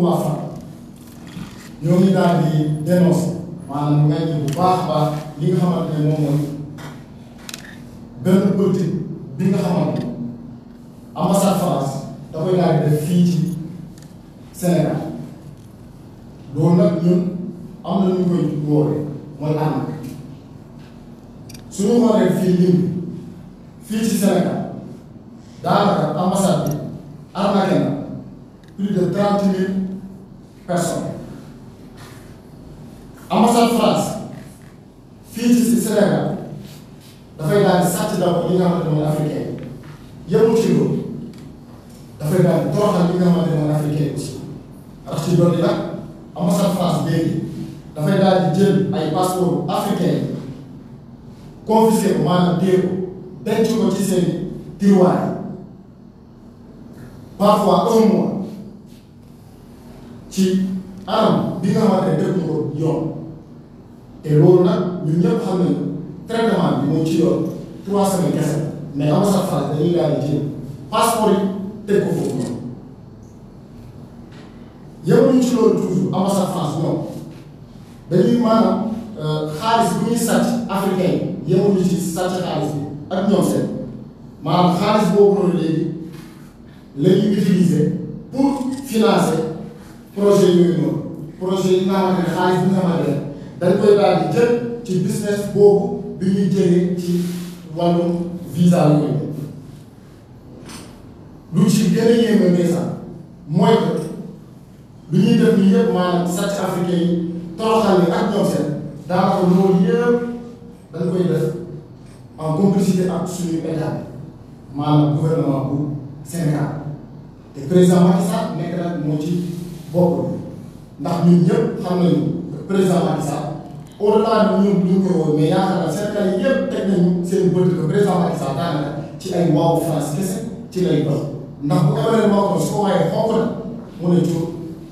trois cent ñoo ngi daal di dénoncer maanaam nga ñu nga xamante ne moom mooy benn politique bi nga xamante ne ambassade France da koy daal di def fii ci Sénégal loolu nag ñun am na ñu koy woowee mooy ànd suñu xoolee fii lim fii de trente personnes ambassade France fii ci Sénégal dafay daal di sàcc donc li nga xamante ne dafay daal di toroxal li nga xamante ne mooy africain aussi ndax dafay daal di ay passeport africain confisqué ko maanaam téye ko denc ko ci seen tiroir parfois ci anam bi nga xamante ne def na ko yoon te loolu nag ñun ñëpp xam nañu traitement bi moom ci yoon trois semaines kese mais am na sax phase dañuy daal di jël passeport yi teg ko foofu ci loolu toujours am na sax phase ñoom dañuy maanaam euh, xaalis bu ñuy sàcc africain yi yemuñu ci sàcc xaalis bi ak ñoom seen maanaam xaalis boobu noonu léegi la ñuy utiliser pour financer. projet yooyu noonu projet yi nga xamante ne xaalis bi nga xamante di jël ci business boobu bi ñuy jëlee ci wàllum visa yooyu lu ci gën a yéeme ñuy def nii yëpp maanaam sàcc africain yi ak ñoom seen daanaka loolu yëpp dañ koy def en complicité ak suñu état maanaam gouvernement bu Sénégal te président Macky Sall nekk na moo bokkul ndax ñun ñëpp xam nañu président Macky Sall au delà de ñun ñu ngi koy woon mais yaakaar naa Sénégal yi yëpp teg nañu seen bët que président Macky Sall daanaka ci ay waawu France kese ci lay dox ndax bu amee moo ko su ko waxee xonk na mu ne cuur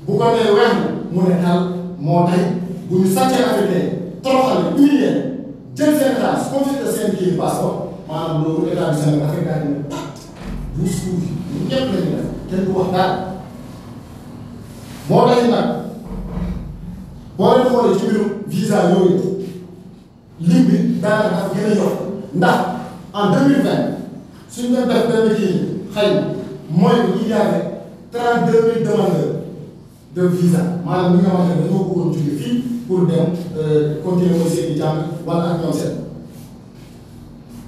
bu ko nee weex mu ne tal moo tay bu ñu sàccee affecté toroxal humilié jël seen xaalis confisqué seen kii passeport maanaam loolu état bi Sénégal affecté daal di ne pat bu suuf ñëpp la ñu def kenn du moo tax nag boo leen xoolee ci mbirum visa yooyu lim bi daanaka dafa gën a yokk ndax en deux mille vingt suñ doon def benn kii xëy mooy il y avait trente deux mille demandeurs de visa maanaam ñi nga xamante ne dañoo bëggoon jóge fii pour dem euh, continuer mooy seen i jàng wala ak ñoom seen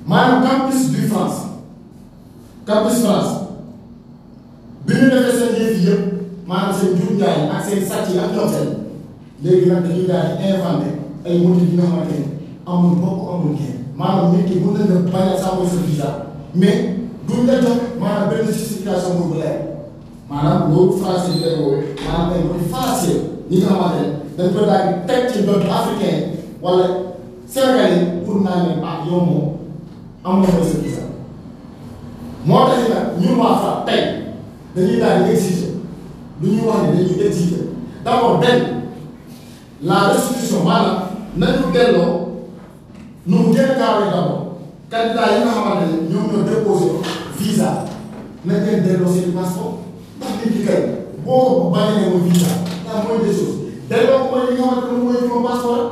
maanaam campus du France campus France bi ñu defee seen yëf yëpp. maanaam seen jur njaay ak seen sàcc yi ak ñoom seen léegi nag dañuy daal di ay motifs yi nga xamante ne amul bokk amul kenn maanaam nit ki na def bañ a sàmm sa visa mais duñ la jox maanaam benn justification bu leer maanaam loolu français bi lay woowee maanaam ay motifs fallacieux yi nga xamante ne dañ ko daal di teg ci dootu africain wala sénégalais pour naa ne ah yow moom amuloo sa visa moo tax nag ñun waa fa tey dañuy daal di lu ñuy wax ne dañuy exiger d' abord benn la restitution maanaam nañu delloo nu mu gën a gaawee d' abord candidat yi nga xamante ne ñoom ñoo déposé visa nañ leen delloo seen passeport ndax nit ki kay boo bañ ne mooy visa ndax mooy des choses delloo ko mooy li nga xamante ne mooy juróom passeport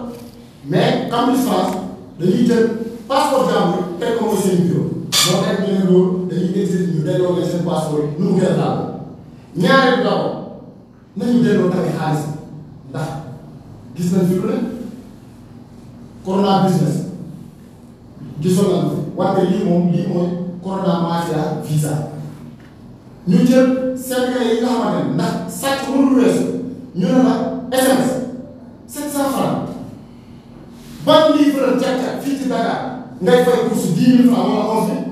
mais comme France dañuy jël passeport jàmbur teg ko mooy seen bureau moo tax ñu ne loolu dañuy exiger ñu delloo leen seen passeport yi nu mu gën a gaawee ñaareel d' abord nañu delloo tamit xaalis ndax gis nañ fi lu business gisoon nañ ko lii moom lii mooy corona mafia visa ñu jël sénégalais yi nga xamante ne ndax sàcc mënul weesu ñu ne la essence sept cent francs ban livre jàkka fii ci Dakar ngay fay bourse dix mille francs wala onze mille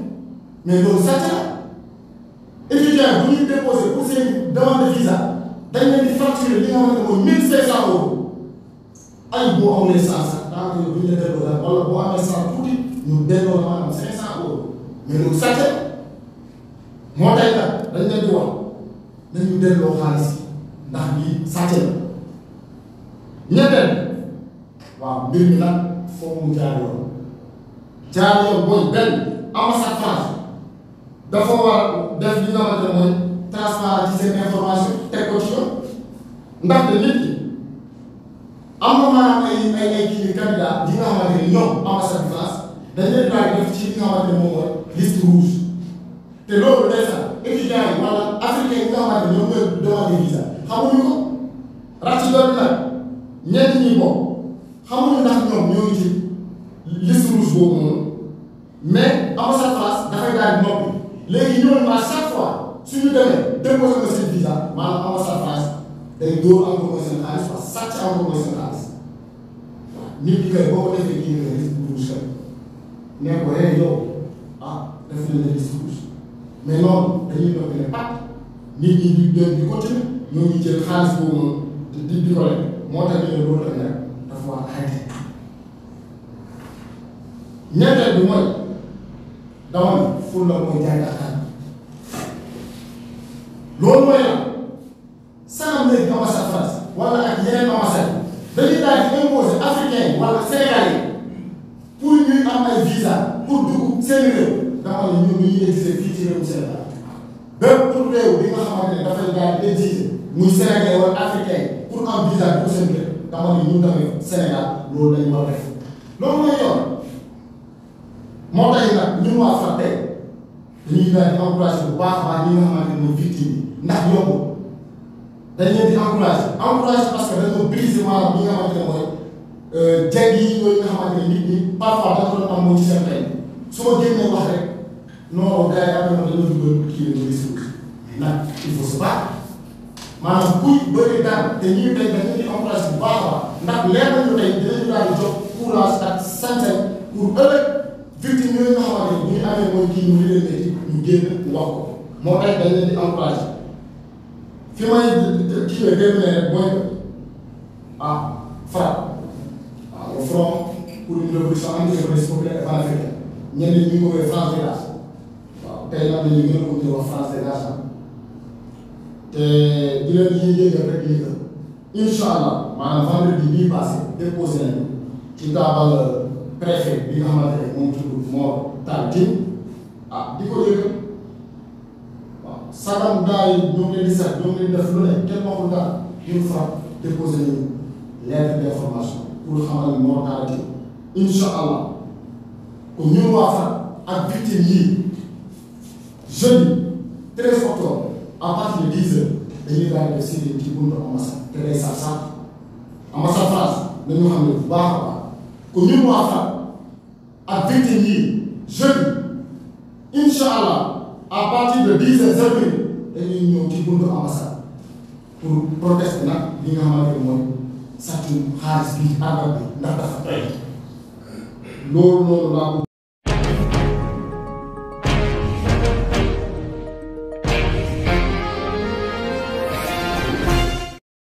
mais loolu sàcc la étudiant bu ñuy déposé pour seen demande de visa dañ leen di facturer li nga xam ne mooy mille cinq cent euros ay boo amee sens daanaka yow duñ la delloo dara wala boo amee sens tuuti ñu delloo maanaam cinq cent euros mais loolu sàcc moo tey nag dañ leen di wax nañu delloo xaalis ndax lii sàcc la ñetteel waaw mbir mi nag foofu mu jaar yoon jaar yoon mooy benn ambassade France dafa war def li nga xamante ne mooy. transparent ci seen information teg ko ci yoon ndaxte nit ñi am na maanaam ay ay ay kii candidat di nga xamante ne ñoom ambassade France dañ leen daal def ci li nga xamante ne moom mooy liste rouge te loolu day sax étudiants yi wala africain yi nga xamante ne ñoom ñooy demande visa xamuñu ko ràcc doon nag ñenn ñi bokk xamuñu ndax ñoom ñoo ngi ci liste rouge boobu noonu mais ambassade France dafay daal noppi léegi ñooñu à chaque fois. suñu demee déposé ko seen visa maanaam ambassade France day dóor am ko mooy am ko mooy seen xaalis nit ki kay boo ko defee kii nga risque rouge kay nee ko rek yow ah def nañ la risque rouge mais noonu dañuy doon ne pat nit ñi di dem di continuer ñoo ngi jël xaalis boobu noonu di di di ko lekk moo tax ñu ne loolu tamit rek dafa war a arrêté ñetteel bi mooy dama ne ful la mooy jaay ak loolu mooy lan sànq léegi ambassade France wala ak yeneen ambassade dañuy daal di imposer africain yi wala sénégalais yi pour ñuy am ay visa pour dugg seen réew dama ne ñun ñu ngi exiger fii ci réewum Sénégal bépp pour réew bi nga xamante ne dafay daal di exiger muy sénégalais wala africain yi visa pour seen réew dama ne ñun tamit Sénégal loolu dañu war a def loolu mooy moo tax nag ñun waa Frappe dañuy daal di encouragé bu baax a baax ñi nga xamante ne mooy ndax yomb dañ leen di encouragé encouragé parce que dañoo briser maanaam li nga xamante ne mooy euh, jéggi yi yooyu nga xamante ne nit ñi parfois dafa doon am mooy ci seen tey su ma génnee wax rek non gars yi am na dañoo dugal kii la ñu suuf ndax il faut se battre maanaam kuy bëri daan te ñuy tey dañu di encouragé bu baax a baax ndax leer nañu tey dinañu daal di jox courage ak sañ-sañ pour ëllëg victime yooyu nga xamante ne bu ñu amee mooy kii ñu leen métti ñu génn wax ko moo tax dañ leen di encouragé. fi may kiiwee dem ne mooy ah FRAPP ah le front pour une révolution anti-révolution populaire et panafricaine ñenn ñi ñu ngi woowee France Dégage waaw tey nag dañuy gën a ko ñu wax France Dégage la te di leen yi yëngal rek yëngal incha allah maanaam vendredi bii passé déposé nañu ci taabal préfet bi nga xamante ne moom tudd Mor Tall Tine ah di ko sagam daa yi ñoo ngi leen di seet ñoo ngi leen di def lu ne kenn waxul daal ñun Fra déposé nañu lettre d'information pour xamal ne moo arrêté incha allah kon ñun waa Fra ak victime yii jeudi 13 octobre à partir de 10 heures dañuy daal di séddee ci buntu ambassade te day sax sax ambassade France nañu baax a baax kon ñun waa Fra ak victime yii jeudi incha allah à partir de 10 dañuy ñëw ci buntu ambassade pour protester nag li nga xamante ne mooy sàccum xaalis bi àndal bi ndax dafa tey loolu noonu laa ko